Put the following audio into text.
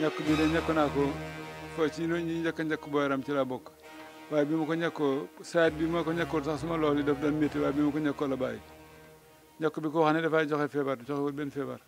ñàkk bi de ñàkk naa ko foo ci ñi njëkk a njëkk booy ram ci la bokk waaye bi ma ko ñàkkoo saat bi ma ko ñàkkoon sax suma lool yi daf doon métti waaye bi ma ko ñàkkoo la baay ñàkk bi ko wax ne dafay joxe feebar joxewul benn feebar